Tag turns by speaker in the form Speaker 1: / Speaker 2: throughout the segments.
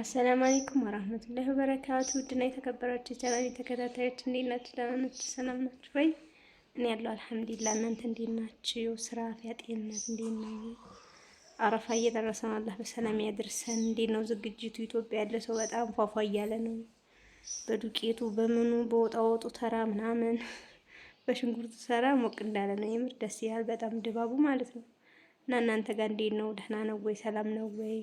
Speaker 1: አሰላም አለይኩም ወራህመቱላሂ ወበረካቱ። ውድና የተከበራችሁ ቻናል የተከታታዮች እንዴት ናችሁ? ደህና ናችሁ? ሰላም ናችሁ ወይ? እኔ ያለው አልሐምዱሊላህ። እናንተ እንዴት ናችሁ? ስራ፣ አፍያ፣ ጤንነት እንዴት ነው? አረፋ እየደረሰ ነው። አላህ በሰላም ያድርሰን። እንዴት ነው ዝግጅቱ? ኢትዮጵያ ያለ ሰው በጣም ፏፏ እያለ ነው። በዱቄቱ በምኑ በወጣ ወጡ ተራ ምናምን በሽንኩርቱ ተራ ሞቅ እንዳለ ነው። የምር ደስ ይላል በጣም ድባቡ ማለት ነው። እና እናንተ ጋር እንዴት ነው? ደህና ነው ወይ? ሰላም ነው ወይ?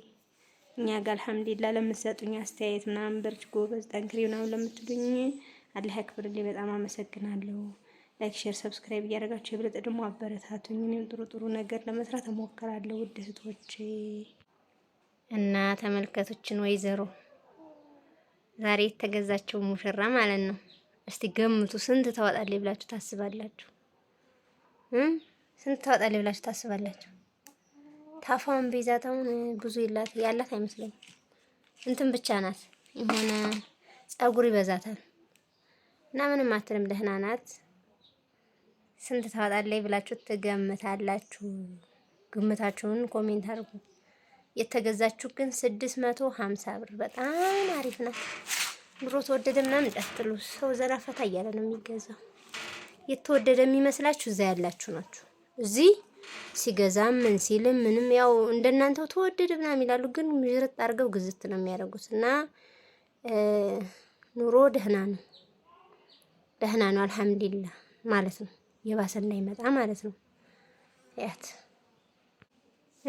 Speaker 1: እኛ ጋር አልሐምዱሊላህ ለምትሰጡኝ አስተያየት ምናምን በርች ጎበዝ ጠንክሪ ምናምን ለምትሉኝ አላህ ያክብርልኝ። በጣም አመሰግናለሁ። ላይክ፣ ሼር፣ ሰብስክራይብ እያደረጋችሁ የብለጥ ደግሞ አበረታቱኝ። እኔም ጥሩ ጥሩ ነገር ለመስራት እሞክራለሁ። ውድ እህቶቼ እና ተመልከቶችን ወይዘሮ ዛሬ የተገዛችው ሙሽራ ማለት ነው። እስቲ ገምቱ ስንት ታወጣለች ብላችሁ ታስባላችሁ? ስንት ታወጣለች ብላችሁ ታስባላችሁ? ታፋውን ቤዛት ብዙ ይላት ያላት አይመስለኝ እንትን ብቻ ናት የሆነ ጸጉር ይበዛታል እና ምንም አትልም። ደህና ናት። ስንት ታወጣለች ብላችሁ ትገምታላችሁ? ግምታችሁን ኮሜንት አድርጉ። የተገዛችሁ ግን ስድስት መቶ ሀምሳ ብር በጣም አሪፍ ናት። ድሮ ተወደደ ምናምን ጨትሉ ሰው ዘራፈታ እያለ ነው የሚገዛው። የተወደደ የሚመስላችሁ እዛ ያላችሁ ናችሁ እዚህ ሲገዛም ምን ሲልም ምንም ያው እንደናንተው ተወደደ ምናምን ይላሉ፣ ግን ምርጥ አድርገው ግዝት ነው የሚያደርጉት። እና ኑሮ ደህና ነው ደህና ነው አልሐምዱሊላ ማለት ነው። የባሰ እንዳይመጣ ማለት ነው። ያት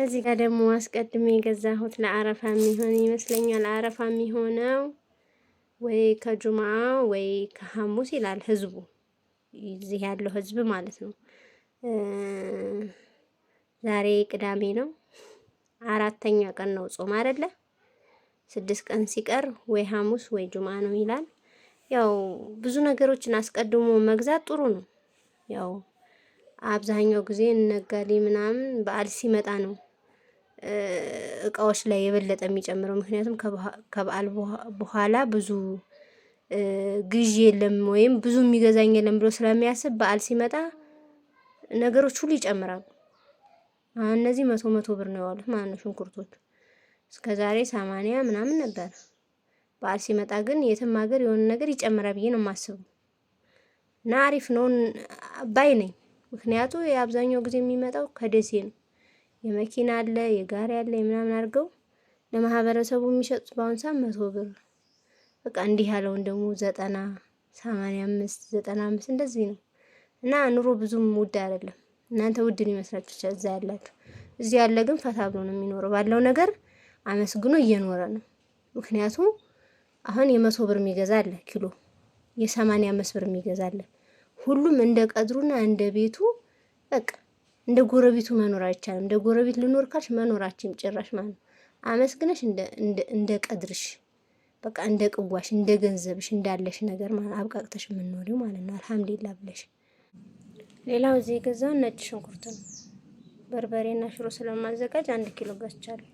Speaker 1: እዚህ ጋር ደግሞ አስቀድሜ የገዛሁት ለአረፋ የሚሆን ይመስለኛል። አረፋ የሚሆነው ወይ ከጁማ ወይ ከሐሙስ ይላል ህዝቡ፣ እዚህ ያለው ህዝብ ማለት ነው። ዛሬ ቅዳሜ ነው። አራተኛ ቀን ነው ጾም አይደለ? ስድስት ቀን ሲቀር ወይ ሐሙስ ወይ ጁማ ነው ይላል። ያው ብዙ ነገሮችን አስቀድሞ መግዛት ጥሩ ነው። ያው አብዛኛው ጊዜ እነጋሌ ምናምን በዓል ሲመጣ ነው እቃዎች ላይ የበለጠ የሚጨምረው። ምክንያቱም ከበዓል በኋላ ብዙ ግዢ የለም ወይም ብዙ የሚገዛኝ የለም ብሎ ስለሚያስብ በዓል ሲመጣ ነገሮች ሁሉ ይጨምራሉ። እነዚህ መቶ መቶ ብር ነው የዋሉት ማለት ነው ሽንኩርቶቹ። እስከ ዛሬ ሰማንያ ምናምን ነበር። በዓል ሲመጣ ግን የትም ሀገር የሆነ ነገር ይጨምራል ብዬ ነው የማስበው እና አሪፍ ነው ባይ ነኝ። ምክንያቱ የአብዛኛው ጊዜ የሚመጣው ከደሴ ነው። የመኪና አለ የጋሪ አለ የምናምን አድርገው ለማህበረሰቡ የሚሸጡት በአሁን ሰዓት መቶ ብር በቃ እንዲህ ያለውን ደግሞ ዘጠና ሰማንያ አምስት ዘጠና አምስት እንደዚህ ነው እና ኑሮ ብዙም ውድ አይደለም። እናንተ ውድን ይመስላችሁ እዛ ያላችሁ። እዚህ ያለ ግን ፈታ ብሎ ነው የሚኖረው። ባለው ነገር አመስግኖ እየኖረ ነው። ምክንያቱም አሁን የመቶ ብር የሚገዛ አለ ኪሎ፣ የሰማንያ አምስት ብር የሚገዛ አለ። ሁሉም እንደ ቀድሩና እንደ ቤቱ በቃ እንደ ጎረቤቱ መኖር አይቻልም። እንደ ጎረቤት ልኖር ካልሽ መኖራችን ጭራሽ ማለት ነው። አመስግነሽ እንደ ቀድርሽ በቃ እንደ ቅዋሽ እንደ ገንዘብሽ እንዳለሽ ነገር ማለት አብቃቅተሽ የምንኖሪው ማለት ነው። አልሐምዱሊላ ብለሽ ሌላው እዚህ የገዛው ነጭ ሽንኩርት ነው። በርበሬና ሽሮ ስለማዘጋጅ አንድ ኪሎ ገዝቻለሁ።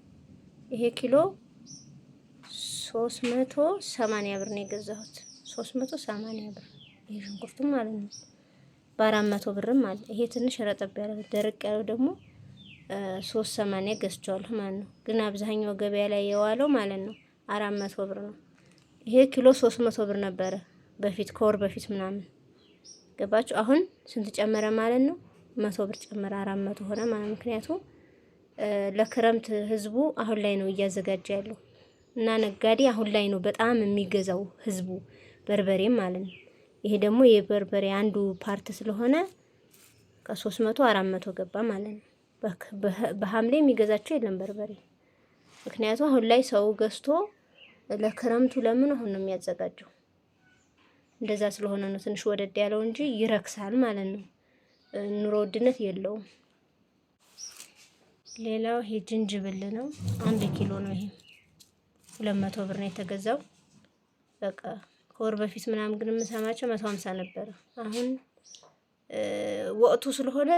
Speaker 1: ይሄ ኪሎ 380 ብር ነው የገዛሁት። 380 ብር ይሄ ሽንኩርቱ ማለት ነው። በአራት መቶ ብርም አለ። ይሄ ትንሽ ረጠብ ያለው ደረቅ ያለው ደግሞ 380 ገዝቻለሁ ማለት ነው። ግን አብዛኛው ገበያ ላይ የዋለው ማለት ነው 400 ብር ነው። ይሄ ኪሎ 300 ብር ነበረ በፊት ከወር በፊት ምናምን ገባችሁ? አሁን ስንት ጨመረ ማለት ነው? መቶ ብር ጨመረ፣ አራት መቶ ሆነ ማለት ምክንያቱም ለክረምት ህዝቡ አሁን ላይ ነው እያዘጋጀ ያለው እና ነጋዴ አሁን ላይ ነው በጣም የሚገዛው ህዝቡ በርበሬ ማለት ነው። ይሄ ደግሞ የበርበሬ አንዱ ፓርት ስለሆነ ከሶስት መቶ አራት መቶ ገባ ማለት ነው። በሐምሌ የሚገዛቸው የለም በርበሬ። ምክንያቱም አሁን ላይ ሰው ገዝቶ ለክረምቱ ለምን አሁን ነው የሚያዘጋጀው። እንደዛ ስለሆነ ነው ትንሽ ወደድ ያለው እንጂ ይረክሳል ማለት ነው። ኑሮ ውድነት የለውም። ሌላው ይሄ ጅንጅብል ነው። አንድ ኪሎ ነው። ይሄ ሁለት መቶ ብር ነው የተገዛው። በቃ ከወር በፊት ምናምን ግን የምሰማቸው መቶ ሀምሳ ነበረ። አሁን ወቅቱ ስለሆነ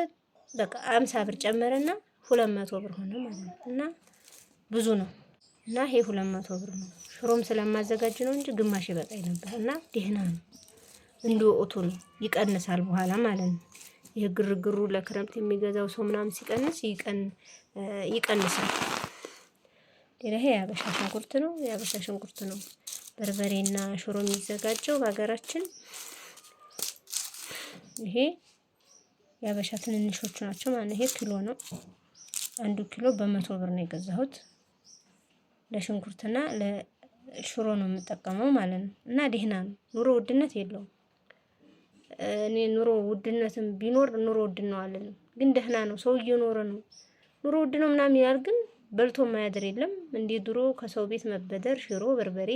Speaker 1: በቃ አምሳ ብር ጨመረና ሁለት መቶ ብር ሆነ ማለት ነው እና ብዙ ነው። እና ይሄ ሁለት መቶ ብር ነው። ሽሮም ስለማዘጋጅ ነው እንጂ ግማሽ ይበቃኝ ነበር እና ደህና ነው። እንደ ወቅቱ ነው፣ ይቀንሳል በኋላ ማለት ነው። ይህ ግርግሩ ለክረምት የሚገዛው ሰው ምናምን ሲቀንስ ይቀንሳል። ሌላ ይሄ የአበሻ ሽንኩርት ነው። የአበሻ ሽንኩርት ነው በርበሬና ሽሮ የሚዘጋጀው በሀገራችን። ይሄ የአበሻ ትንንሾቹ ናቸው ማለት ነው። ይሄ ኪሎ ነው። አንዱ ኪሎ በመቶ ብር ነው የገዛሁት። ለሽንኩርትና ለሽሮ ነው የምጠቀመው ማለት ነው። እና ደህና ነው፣ ኑሮ ውድነት የለውም። እኔ ኑሮ ውድነትም ቢኖር ኑሮ ውድ ነው አለንም፣ ግን ደህና ነው፣ ሰው እየኖረ ነው። ኑሮ ውድ ነው ምናምን ይላል፣ ግን በልቶ ማያድር የለም። እንደ ድሮ ከሰው ቤት መበደር፣ ሽሮ፣ በርበሬ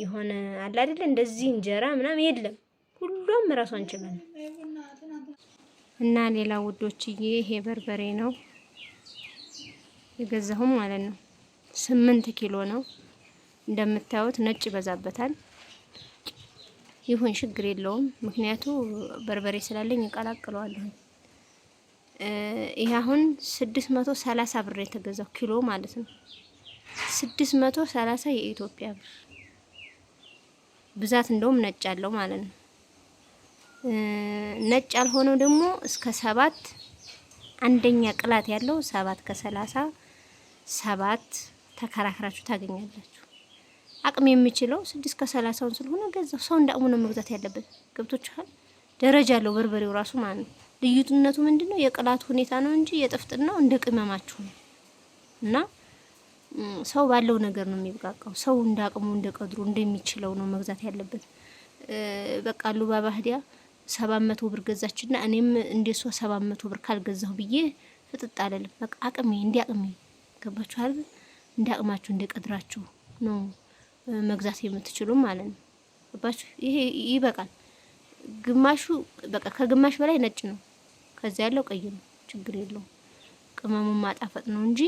Speaker 1: የሆነ አለ አይደለ እንደዚህ እንጀራ ምናምን የለም። ሁሉም ራሷን ችለን እና ሌላ ውዶችዬ፣ ይሄ በርበሬ ነው የገዛሁም ማለት ነው። ስምንት ኪሎ ነው እንደምታዩት ነጭ ይበዛበታል። ይሁን ችግር የለውም ምክንያቱ በርበሬ ስላለኝ እቀላቅለዋለሁ። ይህ አሁን መቶ ብር የተገዛው ኪሎ ማለት ነው። 630 መቶ የኢትዮጵያ ብር ብዛት እንደውም ነጭ አለው ማለት ነው። ነጭ ያልሆነው ደግሞ እስከ ሰባት አንደኛ ቅላት ያለው ሰባት ከሰላሳ ሰባት ተከራክራችሁ ታገኛላችሁ። አቅም የምችለው ስድስት ከሰላሳውን ስለሆነ ገዛው። ሰው እንደ አቅሙ ነው መግዛት ያለበት። ገብቶችሃል? ደረጃ አለው በርበሬው ራሱ ማለት ነው። ልዩነቱ ምንድን ነው? የቅላቱ ሁኔታ ነው እንጂ የጥፍጥናው እንደ ቅመማችሁ ነው። እና ሰው ባለው ነገር ነው የሚብቃቃው። ሰው እንደ አቅሙ እንደ ቀድሮ እንደሚችለው ነው መግዛት ያለበት። በቃ ሉባባ ህዲያ ሰባት መቶ ብር ገዛችና እኔም እንደሷ ሰባት መቶ ብር ካልገዛሁ ብዬ ፍጥጥ አለልም። በቃ አቅሜ እንዲያቅሜ ገባችሁ አይደል? እንደ አቅማችሁ እንደ ቀድራችሁ ነው መግዛት የምትችሉ ማለት ነው። ገባችሁ? ይሄ ይበቃል። ግማሹ በቃ ከግማሽ በላይ ነጭ ነው፣ ከዚያ ያለው ቀይ ነው። ችግር የለውም። ቅመሙን ማጣፈጥ ነው እንጂ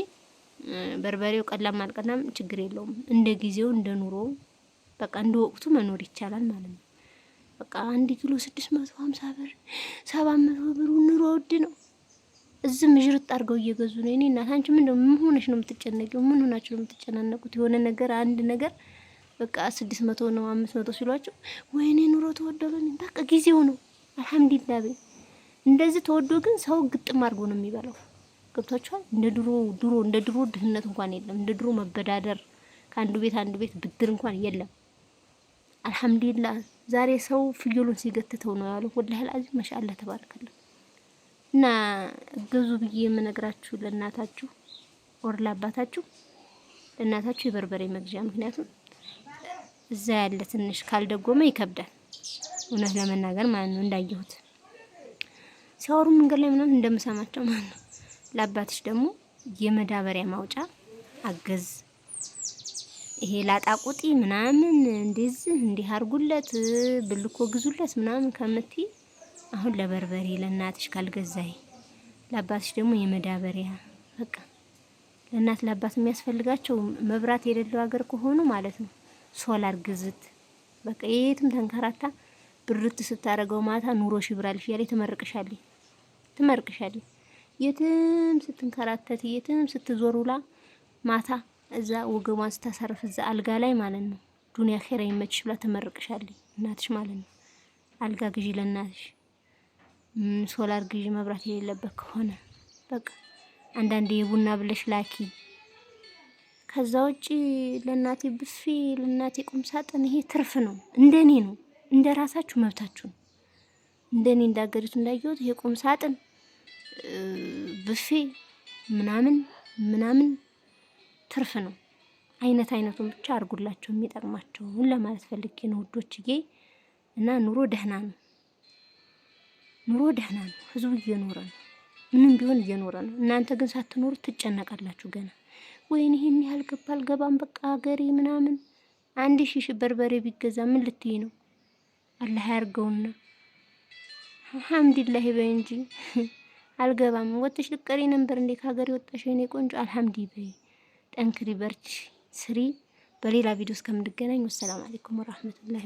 Speaker 1: በርበሬው ቀላም አልቀላም ችግር የለውም። እንደ ጊዜው እንደ ኑሮ በቃ እንደ ወቅቱ መኖር ይቻላል ማለት ነው። በቃ አንድ ኪሎ ስድስት መቶ ሀምሳ ብር ሰባት መቶ ብሩ ኑሮ ውድ ነው። እዚህ ምዥርጥ አድርገው እየገዙ ነው። እኔ እናት አንቺ ምን ምን ሆነሽ ነው የምትጨነቂው? ምን ሆናችሁ ነው የምትጨናነቁት? የሆነ ነገር አንድ ነገር በቃ ስድስት መቶ ነው አምስት መቶ ሲሏቸው ወይኔ ኑሮ ተወደሉኝ። በቃ ጊዜው ነው አልሐምዱሊላህ እንደዚህ ተወዶ ግን ሰው ግጥም አድርጎ ነው የሚበላው። ገብቷችኋል? እንደ ድሮ ድሮ እንደ ድሮ ድህነት እንኳን የለም። እንደ ድሮ መበዳደር ከአንዱ ቤት አንዱ ቤት ብድር እንኳን የለም። አልሐምዱሊላህ ዛሬ ሰው ፍየሉን ሲገትተው ነው ያለው። ወላሂ አልዓዚም ማሻአላህ ተባረከላህ። እና ግዙ ብዬ የምነግራችሁ ለእናታችሁ ወር ለአባታችሁ ለእናታችሁ የበርበሬ መግዣ። ምክንያቱም እዛ ያለ ትንሽ ካልደጎመ ይከብዳል፣ እውነት ለመናገር ማለት ነው። እንዳየሁት ሲያወሩ መንገድ ላይ ምናምን እንደምሰማቸው ማለት ነው። ለአባትሽ ደግሞ የመዳበሪያ ማውጫ አገዝ ይሄ ላጣቁጢ ምናምን እንደዚህ እንዲህ አርጉለት ብልኮ ግዙለት ምናምን ከምትይ አሁን ለበርበሬ ለእናትሽ ካልገዛይ ለአባትሽ ደግሞ የመዳበሪያ በቃ ለእናት ለአባት የሚያስፈልጋቸው መብራት የሌለው ሀገር ከሆኑ ማለት ነው። ሶላር ግዝት በቃ የትም ተንከራታ ብርት ስታደርገው ማታ ኑሮ ይብራልሽ እያለች ትመርቅሻለች ትመርቅሻለች። የትም ስትንከራተት የትም ስትዞሩላ ማታ እዛ ወገቧን ስታሳርፍ እዛ አልጋ ላይ ማለት ነው ዱንያ ኸይራ ይመችሽ ብላ እናትሽ ማለት ነው። አልጋ ግዢ ለእናትሽ ሶላር ግዢ መብራት የሌለበት ከሆነ በቃ አንዳንድ የቡና ብለሽ ላኪ። ከዛ ውጪ ለእናቴ ብፌ ለእናቴ ቁም ሳጥን ይሄ ትርፍ ነው። እንደኔ ነው፣ እንደ ራሳችሁ መብታችሁ ነው። እንደኔ እንዳገሪቱ እንዳየሁት ይሄ ሳጥን ብፌ ምናምን ምናምን ትርፍ ነው። አይነት አይነቱን ብቻ አድርጉላቸው የሚጠቅማቸውን ለማለት ፈልጌ ነው ውዶችዬ። እና ኑሮ ደህና ነው። ኑሮ ደህና ነው። ህዝቡ እየኖረ ነው። ምንም ቢሆን እየኖረ ነው። እናንተ ግን ሳትኖሩ ትጨነቃላችሁ ገና። ወይን ይሄን ያህል ገባ አልገባም፣ በቃ ሀገሬ ምናምን። አንድ ሺሽ በርበሬ ቢገዛ ምን ልትይ ነው? አላህ ያርገውና አልሐምዱሊላህ በይ እንጂ አልገባም። ወጥሽ ልቀሪ ነበር እንዴ ከሀገሬ ወጣሽ? ወይኔ ቆንጆ አልሐምዲ በይ፣ ጠንክሪ፣ በርቺ፣ ስሪ። በሌላ ቪዲዮ እስከምንገናኝ ወሰላም አለይኩም ወራህመቱላሂ